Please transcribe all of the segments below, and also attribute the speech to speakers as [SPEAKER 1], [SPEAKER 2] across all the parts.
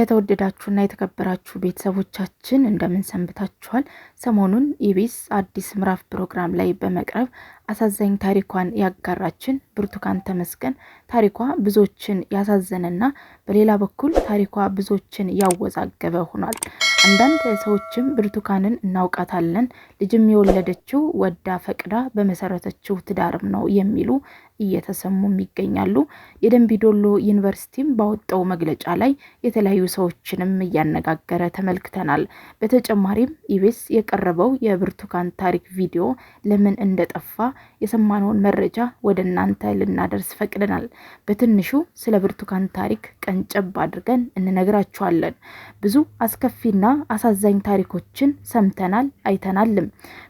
[SPEAKER 1] የተወደዳችሁና የተከበራችሁ ቤተሰቦቻችን እንደምን ሰንብታችኋል? ሰሞኑን ኢቢኤስ አዲስ ምዕራፍ ፕሮግራም ላይ በመቅረብ አሳዛኝ ታሪኳን ያጋራችን ብርቱካን ተመስገን ታሪኳ ብዙዎችን ያሳዘነና በሌላ በኩል ታሪኳ ብዙዎችን ያወዛገበ ሆኗል። አንዳንድ ሰዎችም ብርቱካንን እናውቃታለን ልጅም የወለደችው ወዳ ፈቅዳ በመሰረተችው ትዳርም ነው የሚሉ እየተሰሙም ይገኛሉ። የደንቢዶሎ ዩኒቨርሲቲም ባወጣው መግለጫ ላይ የተለያዩ ሰዎችንም እያነጋገረ ተመልክተናል። በተጨማሪም ኢቤስ የቀረበው የብርቱካን ታሪክ ቪዲዮ ለምን እንደጠፋ የሰማነውን መረጃ ወደ እናንተ ልናደርስ ፈቅደናል። በትንሹ ስለ ብርቱካን ታሪክ ቀንጨብ አድርገን እንነግራችኋለን። ብዙ አስከፊና አሳዛኝ ታሪኮችን ሰምተናል አይተናልም።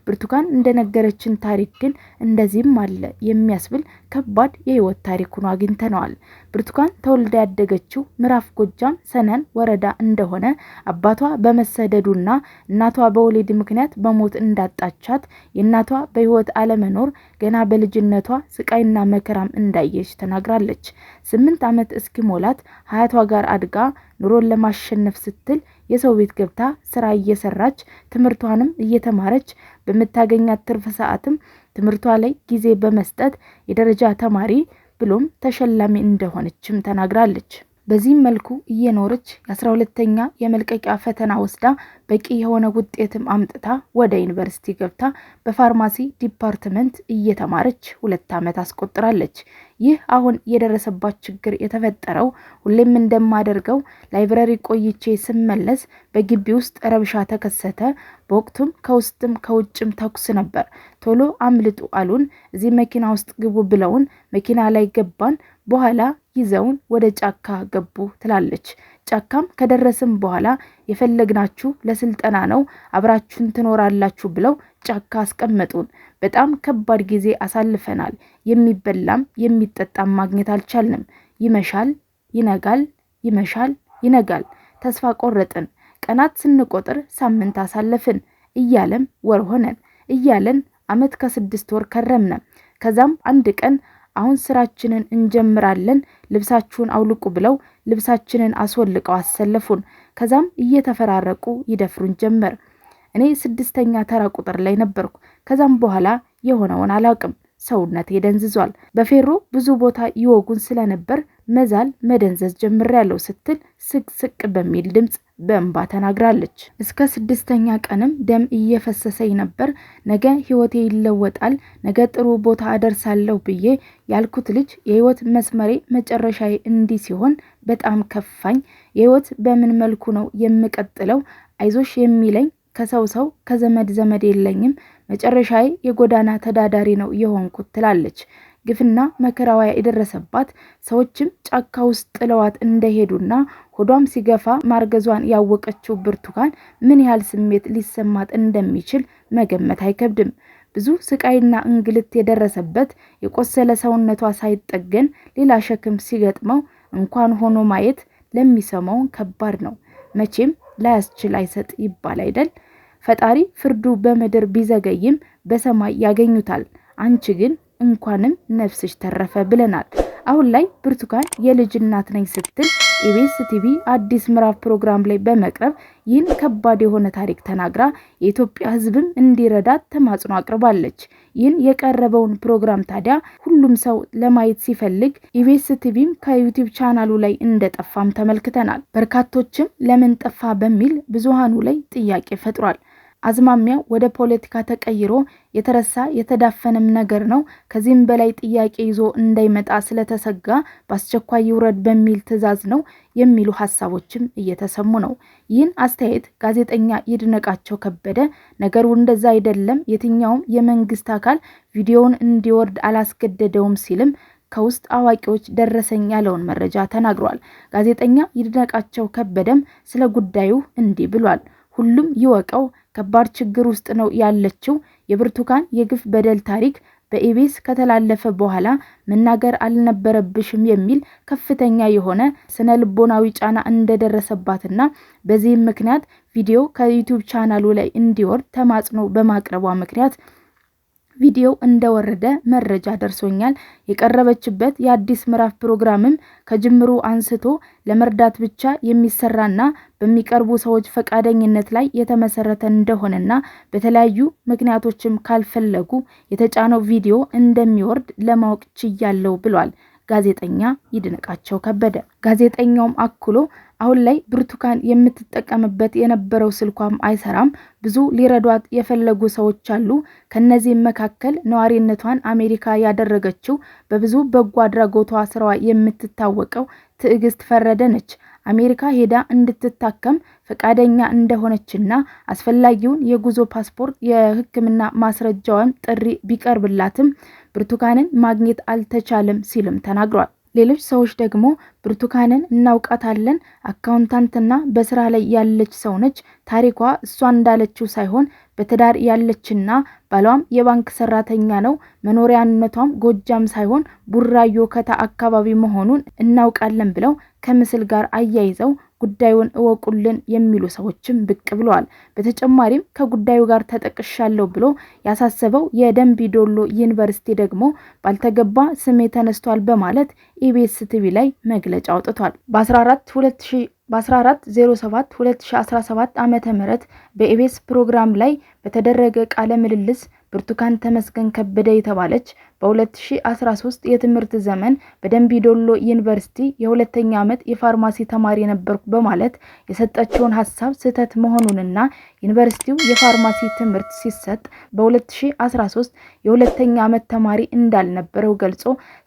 [SPEAKER 1] ብርቱካን እንደነገረችን ታሪክ ግን እንደዚህም አለ የሚያስብል ከባድ የህይወት ታሪክ ሆኖ አግኝተነዋል። ብርቱካን ተወልዳ ያደገችው ምዕራፍ ጎጃም ሰነን ወረዳ እንደሆነ አባቷ በመሰደዱና እናቷ በወሊድ ምክንያት በሞት እንዳጣቻት የእናቷ በህይወት አለመኖር ገና በልጅነቷ ስቃይና መከራም እንዳየች ተናግራለች። ስምንት ዓመት እስኪሞላት ሀያቷ ጋር አድጋ ኑሮን ለማሸነፍ ስትል የሰው ቤት ገብታ ስራ እየሰራች ትምህርቷንም እየተማረች በምታገኛት ትርፍ ሰዓትም ትምህርቷ ላይ ጊዜ በመስጠት የደረጃ ተማሪ ብሎም ተሸላሚ እንደሆነችም ተናግራለች። በዚህም መልኩ እየኖረች የአስራ ሁለተኛ የመልቀቂያ ፈተና ወስዳ በቂ የሆነ ውጤትም አምጥታ ወደ ዩኒቨርሲቲ ገብታ በፋርማሲ ዲፓርትመንት እየተማረች ሁለት ዓመት አስቆጥራለች። ይህ አሁን የደረሰባት ችግር የተፈጠረው ሁሌም እንደማደርገው ላይብረሪ ቆይቼ ስመለስ በግቢ ውስጥ ረብሻ ተከሰተ፣ በወቅቱም ከውስጥም ከውጭም ተኩስ ነበር። ቶሎ አምልጡ አሉን። እዚህ መኪና ውስጥ ግቡ ብለውን መኪና ላይ ገባን። በኋላ ይዘውን ወደ ጫካ ገቡ ትላለች። ጫካም ከደረስም በኋላ የፈለግናችሁ ለስልጠና ነው፣ አብራችሁን ትኖራላችሁ ብለው ጫካ አስቀመጡን። በጣም ከባድ ጊዜ አሳልፈናል። የሚበላም የሚጠጣም ማግኘት አልቻልንም። ይመሻል፣ ይነጋል፣ ይመሻል፣ ይነጋል። ተስፋ ቆረጥን። ቀናት ስንቆጥር ሳምንት አሳለፍን እያለም ወር ሆነን እያለን አመት ከስድስት ወር ከረምነ። ከዛም አንድ ቀን አሁን ስራችንን እንጀምራለን፣ ልብሳችሁን አውልቁ ብለው ልብሳችንን አስወልቀው አሰለፉን። ከዛም እየተፈራረቁ ይደፍሩን ጀመር። እኔ ስድስተኛ ተራ ቁጥር ላይ ነበርኩ። ከዛም በኋላ የሆነውን አላውቅም። ሰውነቴ ደንዝዟል። በፌሮ ብዙ ቦታ ይወጉን ስለነበር መዛል መደንዘዝ ጀምሬያለሁ ስትል ስቅስቅ በሚል ድምፅ በእንባ ተናግራለች። እስከ ስድስተኛ ቀንም ደም እየፈሰሰኝ ነበር። ነገ ህይወቴ ይለወጣል፣ ነገ ጥሩ ቦታ አደርሳለሁ ብዬ ያልኩት ልጅ የህይወት መስመሬ መጨረሻዬ እንዲህ ሲሆን በጣም ከፋኝ። የህይወት በምን መልኩ ነው የምቀጥለው? አይዞሽ የሚለኝ ከሰው ሰው ከዘመድ ዘመድ የለኝም። መጨረሻዬ የጎዳና ተዳዳሪ ነው የሆንኩት ትላለች። ግፍና መከራዋ የደረሰባት ሰዎችም ጫካ ውስጥ ጥለዋት እንደሄዱና ሆዷም ሲገፋ ማርገዟን ያወቀችው ብርቱካን ምን ያህል ስሜት ሊሰማት እንደሚችል መገመት አይከብድም። ብዙ ስቃይና እንግልት የደረሰበት የቆሰለ ሰውነቷ ሳይጠገን ሌላ ሸክም ሲገጥመው እንኳን ሆኖ ማየት ለሚሰማው ከባድ ነው። መቼም ላያስችል አይሰጥ ይባል አይደል? ፈጣሪ ፍርዱ በምድር ቢዘገይም በሰማይ ያገኙታል። አንቺ ግን እንኳንም ነፍስሽ ተረፈ ብለናል። አሁን ላይ ብርቱካን የልጅ እናት ነኝ ስትል ኢቢኤስ ቲቪ አዲስ ምዕራፍ ፕሮግራም ላይ በመቅረብ ይህን ከባድ የሆነ ታሪክ ተናግራ የኢትዮጵያ ሕዝብም እንዲረዳት ተማጽኖ አቅርባለች። ይህን የቀረበውን ፕሮግራም ታዲያ ሁሉም ሰው ለማየት ሲፈልግ ኢቢኤስ ቲቪም ከዩቲዩብ ቻናሉ ላይ እንደጠፋም ተመልክተናል። በርካቶችም ለምን ጠፋ በሚል ብዙሃኑ ላይ ጥያቄ ፈጥሯል። አዝማሚያው ወደ ፖለቲካ ተቀይሮ የተረሳ የተዳፈነም ነገር ነው። ከዚህም በላይ ጥያቄ ይዞ እንዳይመጣ ስለተሰጋ በአስቸኳይ ይውረድ በሚል ትዕዛዝ ነው የሚሉ ሀሳቦችም እየተሰሙ ነው። ይህን አስተያየት ጋዜጠኛ ይድነቃቸው ከበደ ነገሩ እንደዛ አይደለም፣ የትኛውም የመንግስት አካል ቪዲዮውን እንዲወርድ አላስገደደውም ሲልም ከውስጥ አዋቂዎች ደረሰኝ ያለውን መረጃ ተናግሯል። ጋዜጠኛ ይድነቃቸው ከበደም ስለ ጉዳዩ እንዲህ ብሏል። ሁሉም ይወቀው ከባድ ችግር ውስጥ ነው ያለችው። የብርቱካን የግፍ በደል ታሪክ በኢቢኤስ ከተላለፈ በኋላ መናገር አልነበረብሽም የሚል ከፍተኛ የሆነ ስነ ልቦናዊ ጫና እንደደረሰባትና በዚህም ምክንያት ቪዲዮ ከዩቲዩብ ቻናሉ ላይ እንዲወርድ ተማጽኖ በማቅረቧ ምክንያት ቪዲዮ እንደወረደ መረጃ ደርሶኛል። የቀረበችበት የአዲስ ምዕራፍ ፕሮግራምም ከጅምሩ አንስቶ ለመርዳት ብቻ የሚሰራና በሚቀርቡ ሰዎች ፈቃደኝነት ላይ የተመሰረተ እንደሆነና በተለያዩ ምክንያቶችም ካልፈለጉ የተጫነው ቪዲዮ እንደሚወርድ ለማወቅ ችያለው ብሏል። ጋዜጠኛ ይድነቃቸው ከበደ። ጋዜጠኛውም አክሎ አሁን ላይ ብርቱካን የምትጠቀምበት የነበረው ስልኳም አይሰራም፣ ብዙ ሊረዷት የፈለጉ ሰዎች አሉ። ከነዚህም መካከል ነዋሪነቷን አሜሪካ ያደረገችው በብዙ በጎ አድራጎቷ ስራዋ የምትታወቀው ትዕግስት ፈረደ ነች። አሜሪካ ሄዳ እንድትታከም ፈቃደኛ እንደሆነችና አስፈላጊውን የጉዞ ፓስፖርት፣ የሕክምና ማስረጃዋን ጥሪ ቢቀርብላትም ብርቱካንን ማግኘት አልተቻለም ሲልም ተናግሯል። ሌሎች ሰዎች ደግሞ ብርቱካንን እናውቃታለን፣ አካውንታንትና በስራ ላይ ያለች ሰው ነች። ታሪኳ እሷ እንዳለችው ሳይሆን በትዳር ያለችና ባሏም የባንክ ሰራተኛ ነው። መኖሪያነቷም ጎጃም ሳይሆን ቡራዮ ከታ አካባቢ መሆኑን እናውቃለን ብለው ከምስል ጋር አያይዘው ጉዳዩን እወቁልን የሚሉ ሰዎችም ብቅ ብለዋል። በተጨማሪም ከጉዳዩ ጋር ተጠቅሻለሁ ብሎ ያሳሰበው የደንቢ ዶሎ ዩኒቨርሲቲ ደግሞ ባልተገባ ስሜ ተነስቷል በማለት ኢቢኤስ ቲቪ ላይ መግለጫ አውጥቷል። በ1407 2017 ዓ ም በኢቢኤስ ፕሮግራም ላይ በተደረገ ቃለ ምልልስ ብርቱካን ተመስገን ከበደ የተባለች በ2013 የትምህርት ዘመን ዶሎ ዩኒቨርሲቲ የሁለተኛ ዓመት የፋርማሲ ተማሪ ነበርኩ በማለት የሰጠችውን ሀሳብ ስህተት መሆኑንና ዩኒቨርሲቲው የፋርማሲ ትምህርት ሲሰጥ በ2013 የሁለተኛ ዓመት ተማሪ እንዳልነበረው ገልጾ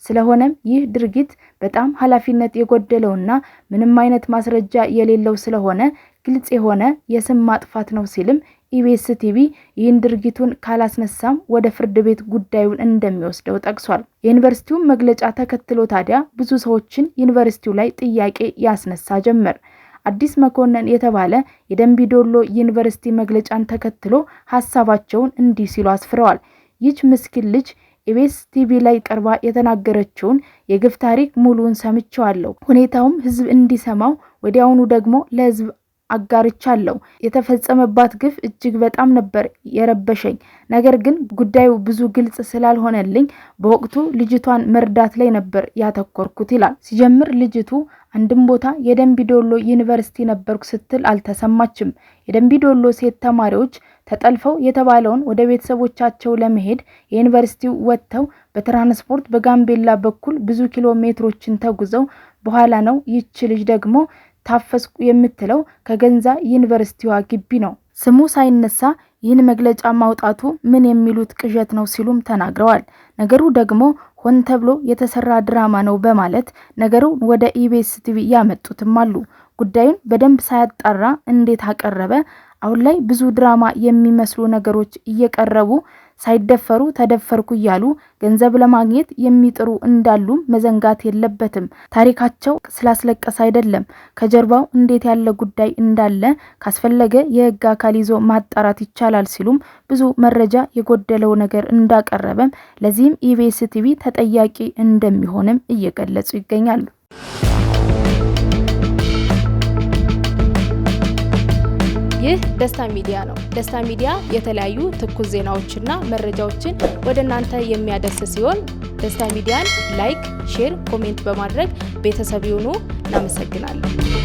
[SPEAKER 1] ስለሆነም ይህ ድርጊት በጣም ኃላፊነት የጎደለውና ምንም አይነት ማስረጃ የሌለው ስለሆነ ግልጽ የሆነ የስም ማጥፋት ነው ሲልም ኢቢኤስ ቲቪ ይህን ድርጊቱን ካላስነሳም ወደ ፍርድ ቤት ጉዳዩን እንደሚወስደው ጠቅሷል። የዩኒቨርሲቲውን መግለጫ ተከትሎ ታዲያ ብዙ ሰዎችን ዩኒቨርሲቲው ላይ ጥያቄ ያስነሳ ጀመር። አዲስ መኮንን የተባለ የደንቢዶሎ ዩኒቨርሲቲ መግለጫን ተከትሎ ሀሳባቸውን እንዲህ ሲሉ አስፍረዋል። ይች ምስኪን ልጅ ኢቢኤስ ቲቪ ላይ ቀርባ የተናገረችውን የግፍ ታሪክ ሙሉውን ሰምቸዋለሁ። ሁኔታውም ህዝብ እንዲሰማው ወዲያውኑ ደግሞ ለህዝብ አጋርቻለሁ። የተፈጸመባት ግፍ እጅግ በጣም ነበር የረበሸኝ። ነገር ግን ጉዳዩ ብዙ ግልጽ ስላልሆነልኝ በወቅቱ ልጅቷን መርዳት ላይ ነበር ያተኮርኩት ይላል። ሲጀምር ልጅቱ አንድም ቦታ የደንቢዶሎ ዩኒቨርሲቲ ነበርኩ ስትል አልተሰማችም። የደንቢዶሎ ሴት ተማሪዎች ተጠልፈው የተባለውን ወደ ቤተሰቦቻቸው ለመሄድ የዩኒቨርሲቲው ወጥተው በትራንስፖርት በጋምቤላ በኩል ብዙ ኪሎ ሜትሮችን ተጉዘው በኋላ ነው ይች ልጅ ደግሞ ታፈስኩ የምትለው ከገንዛ ዩኒቨርሲቲዋ ግቢ ነው። ስሙ ሳይነሳ ይህን መግለጫ ማውጣቱ ምን የሚሉት ቅዠት ነው ሲሉም ተናግረዋል። ነገሩ ደግሞ ሆን ተብሎ የተሰራ ድራማ ነው በማለት ነገሩን ወደ ኢቢኤስ ቲቪ ያመጡትም አሉ። ጉዳዩን በደንብ ሳያጣራ እንዴት አቀረበ? አሁን ላይ ብዙ ድራማ የሚመስሉ ነገሮች እየቀረቡ ሳይደፈሩ ተደፈርኩ እያሉ ገንዘብ ለማግኘት የሚጥሩ እንዳሉም መዘንጋት የለበትም። ታሪካቸው ስላስለቀስ አይደለም፣ ከጀርባው እንዴት ያለ ጉዳይ እንዳለ ካስፈለገ የህግ አካል ይዞ ማጣራት ይቻላል ሲሉም ብዙ መረጃ የጎደለው ነገር እንዳቀረበም ለዚህም ኢቢኤስ ቲቪ ተጠያቂ እንደሚሆንም እየገለጹ ይገኛሉ። ይህ ደስታ ሚዲያ ነው። ደስታ ሚዲያ የተለያዩ ትኩስ ዜናዎችና መረጃዎችን ወደ እናንተ የሚያደርስ ሲሆን ደስታ ሚዲያን ላይክ፣ ሼር፣ ኮሜንት በማድረግ ቤተሰብ ይሁኑ። እናመሰግናለን።